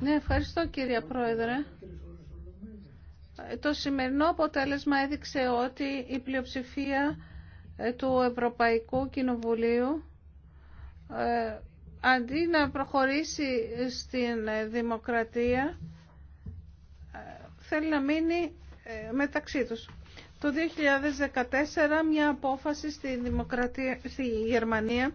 Ναι, ευχαριστώ κύριε Πρόεδρε. Ε, το σημερινό αποτέλεσμα έδειξε ότι η πλειοψηφία ε, του Ευρωπαϊκού Κοινοβουλίου ε, αντί να προχωρήσει στην δημοκρατία θέλει να μείνει μεταξύ τους. Το 2014 μια απόφαση στη, δημοκρατία, στη Γερμανία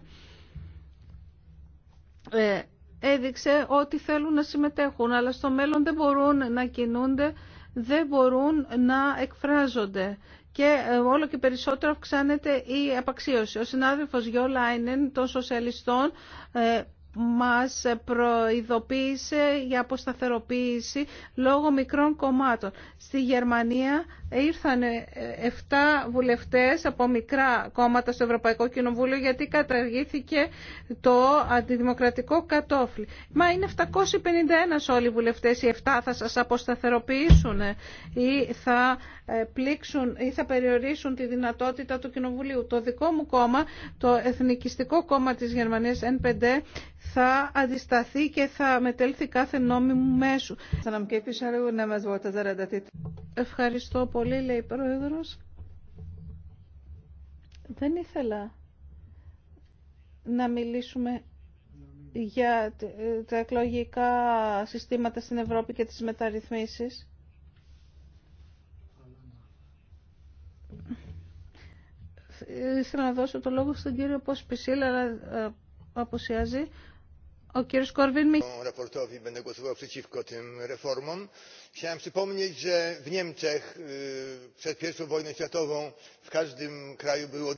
έδειξε ότι θέλουν να συμμετέχουν, αλλά στο μέλλον δεν μπορούν να κινούνται, δεν μπορούν να εκφράζονται. Και ε, όλο και περισσότερο αυξάνεται η απαξίωση. Ο συνάδελφος Γιώλα Λάινεν των σοσιαλιστών ε, μας προειδοποίησε για αποσταθεροποίηση λόγω μικρών κομμάτων. Στη Γερμανία ήρθαν 7 ε, βουλευτές από μικρά κόμματα στο Ευρωπαϊκό Κοινοβούλιο γιατί καταργήθηκε το αντιδημοκρατικό κατόφλι. Μα είναι 751 όλοι οι βουλευτές, οι 7 θα σας αποσταθεροποιήσουν ε, ή θα ε, πλήξουν ή θα περιορίσουν τη δυνατότητα του Κοινοβουλίου. Το δικό μου κόμμα, το Εθνικιστικό Κόμμα της Γερμανίας N5, θα αντισταθεί και θα μετέλθει κάθε νόμιμου μέσου. Ευχαριστώ πολύ, λέει η Πρόεδρος. Δεν ήθελα να μιλήσουμε για τα εκλογικά συστήματα στην Ευρώπη και τις μεταρρυθμίσεις. Ήθελα να δώσω το λόγο στον κύριο Πόσπισίλ, αλλά ε, αποσιάζει sprawozdawcy będę głosował przeciwko tym reformom. chciałem przypomnieć że w niemczech przed pierwszą wojną światową w każdym kraju było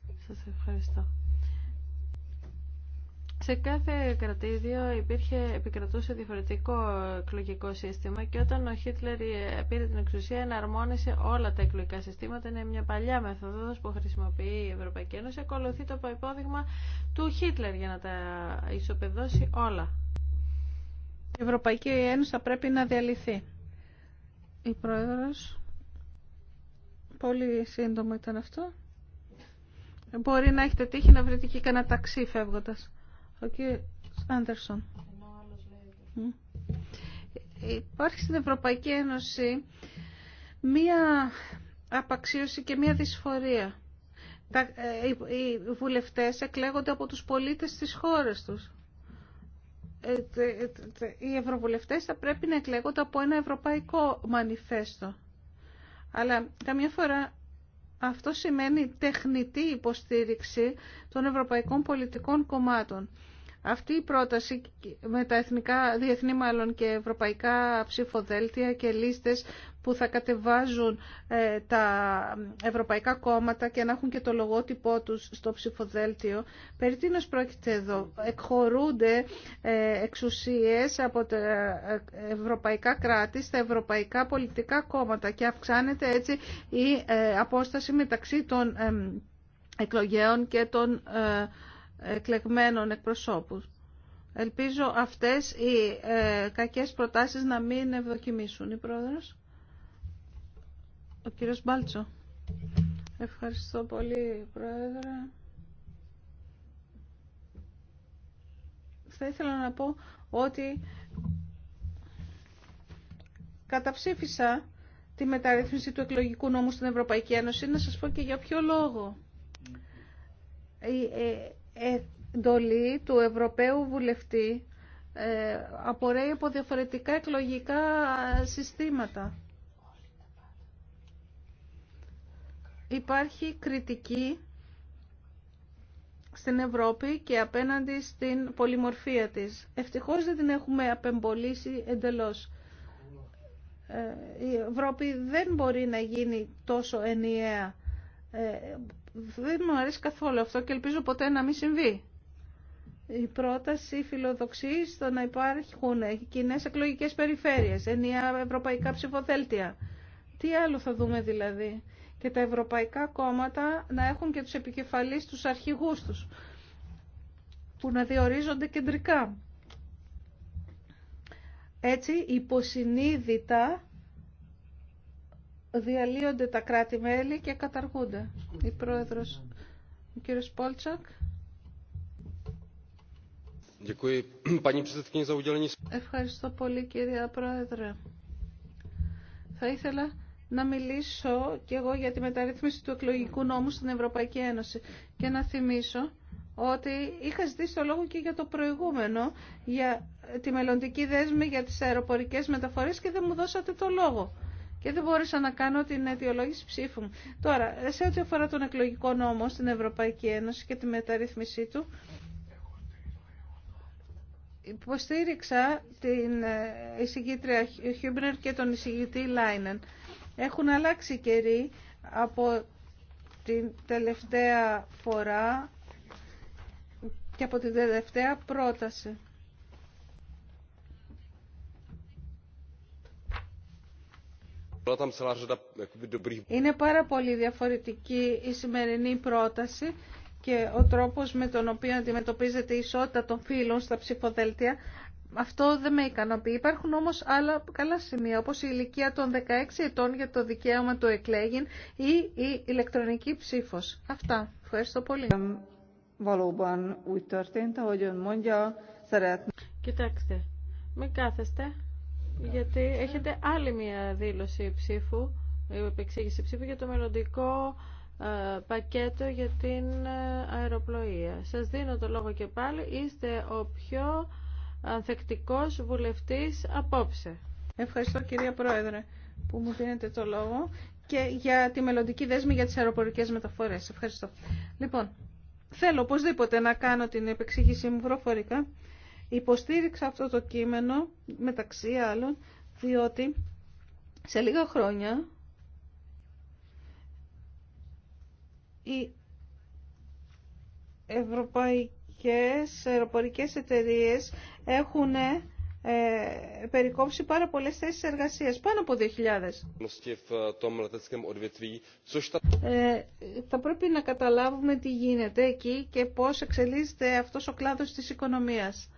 σε κάθε κρατήδιο υπήρχε, επικρατούσε διαφορετικό εκλογικό σύστημα και όταν ο Χίτλερ πήρε την εξουσία εναρμόνισε όλα τα εκλογικά συστήματα. Είναι μια παλιά μεθοδός που χρησιμοποιεί η Ευρωπαϊκή Ένωση. Ακολουθεί το υπόδειγμα του Χίτλερ για να τα ισοπεδώσει όλα. Η Ευρωπαϊκή Ένωση θα πρέπει να διαλυθεί. Η Πρόεδρος, πολύ σύντομο ήταν αυτό. Μπορεί να έχετε τύχει να βρείτε και κανένα ταξί φεύγοντας. Ο Άντερσον. Υπάρχει στην Ευρωπαϊκή Ένωση μία απαξίωση και μία δυσφορία. Ε, οι βουλευτές εκλέγονται από τους πολίτες της χώρας τους. Ε, ε, οι ευρωβουλευτές θα πρέπει να εκλέγονται από ένα ευρωπαϊκό μανιφέστο. Αλλά καμιά φορά αυτό σημαίνει τεχνητή υποστήριξη των ευρωπαϊκών πολιτικών κομμάτων. Αυτή η πρόταση με τα εθνικά, διεθνή μάλλον και ευρωπαϊκά ψηφοδέλτια και λίστες που θα κατεβάζουν ε, τα ευρωπαϊκά κόμματα και να έχουν και το λογότυπό τους στο ψηφοδέλτιο. Περί τίνος πρόκειται εδώ. Εκχωρούνται ε, εξουσίες από τα ε, ευρωπαϊκά κράτη στα ευρωπαϊκά πολιτικά κόμματα και αυξάνεται έτσι η απόσταση μεταξύ των εκλογέων και των εκλεγμένων εκπροσώπους. Ελπίζω αυτές οι ε, κακές προτάσεις να μην ευδοκιμήσουν. Η ο κύριος Μπάλτσο. Ευχαριστώ πολύ, πρόεδρε. Θα ήθελα να πω ότι καταψήφισα τη μεταρρύθμιση του εκλογικού νόμου στην Ευρωπαϊκή Ένωση. Να σας πω και για ποιο λόγο. Ε, εντολή του Ευρωπαίου Βουλευτή ε, απορρέει από διαφορετικά εκλογικά συστήματα. Υπάρχει κριτική στην Ευρώπη και απέναντι στην πολυμορφία της. Ευτυχώς δεν την έχουμε απεμπολίσει εντελώς. Ε, η Ευρώπη δεν μπορεί να γίνει τόσο ενιαία ε, δεν μου αρέσει καθόλου αυτό και ελπίζω ποτέ να μην συμβεί. Η πρόταση φιλοδοξεί στο να υπάρχουν κοινέ εκλογικέ περιφέρειες, ενιαία ευρωπαϊκά ψηφοδέλτια. Τι άλλο θα δούμε δηλαδή. Και τα ευρωπαϊκά κόμματα να έχουν και τους επικεφαλής τους αρχηγούς τους, που να διορίζονται κεντρικά. Έτσι, υποσυνείδητα διαλύονται τα κράτη-μέλη και καταργούνται. Η πρόεδρος, ο κύριος Πόλτσακ. Ευχαριστώ πολύ κυρία Πρόεδρε. Θα ήθελα να μιλήσω και εγώ για τη μεταρρύθμιση του εκλογικού νόμου στην Ευρωπαϊκή Ένωση και να θυμίσω ότι είχα ζητήσει το λόγο και για το προηγούμενο, για τη μελλοντική δέσμη για τις αεροπορικές μεταφορές και δεν μου δώσατε το λόγο και δεν μπόρεσα να κάνω την αιτιολόγηση ψήφου μου. Τώρα, σε ό,τι αφορά τον εκλογικό νόμο στην Ευρωπαϊκή Ένωση και τη μεταρρύθμισή του, υποστήριξα την ε, εισηγήτρια Χιούμπνερ και τον εισηγητή Λάινεν. Έχουν αλλάξει καιροί από την τελευταία φορά και από την τελευταία πρόταση. Είναι πάρα πολύ διαφορετική η σημερινή πρόταση και ο τρόπος με τον οποίο αντιμετωπίζεται η ισότητα των φύλων στα ψηφοδέλτια. Αυτό δεν με ικανοποιεί. Υπάρχουν όμως άλλα καλά σημεία, όπως η ηλικία των 16 ετών για το δικαίωμα του εκλέγην ή η ηλεκτρονική ψήφος. Αυτά. Ευχαριστώ πολύ. Κοιτάξτε, μην κάθεστε. Γιατί έχετε άλλη μια δήλωση ψήφου, επεξήγηση ψήφου για το μελλοντικό ε, πακέτο για την ε, αεροπλοεία. Σας δίνω το λόγο και πάλι. Είστε ο πιο ανθεκτικός βουλευτής απόψε. Ευχαριστώ κυρία Πρόεδρε που μου δίνετε το λόγο και για τη μελλοντική δέσμη για τις αεροπορικές μεταφορές. Ευχαριστώ. Λοιπόν, θέλω οπωσδήποτε να κάνω την επεξήγησή μου προφορικά Υποστήριξα αυτό το κείμενο, μεταξύ άλλων, διότι σε λίγα χρόνια οι ευρωπαϊκές αεροπορικές εταιρείες έχουν ε, περικόψει πάρα πολλές θέσεις εργασίας, πάνω από 2.000. Ε, θα πρέπει να καταλάβουμε τι γίνεται εκεί και πώς εξελίσσεται αυτός ο κλάδος της οικονομίας.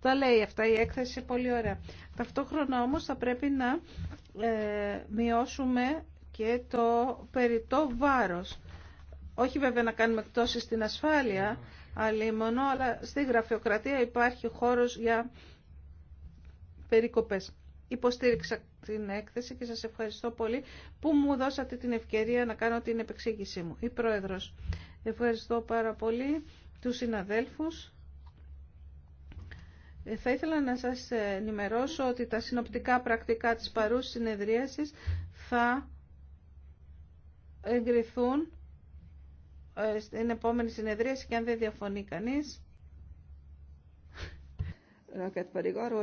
Τα λέει αυτά η έκθεση πολύ ωραία. Ταυτόχρονα όμως θα πρέπει να ε, μειώσουμε και το περιττό βάρος. Όχι βέβαια να κάνουμε εκτόσεις στην ασφάλεια, μόνο αλλά στη γραφειοκρατία υπάρχει χώρος για περικοπές. Υποστήριξα την έκθεση και σας ευχαριστώ πολύ που μου δώσατε την ευκαιρία να κάνω την επεξήγησή μου. Η Πρόεδρος, ευχαριστώ πάρα πολύ τους συναδέλφους. Θα ήθελα να σας ενημερώσω ότι τα συνοπτικά πρακτικά της παρού συνεδρίασης θα εγκριθούν ε, στην επόμενη συνεδρίαση και αν δεν διαφωνεί κανείς.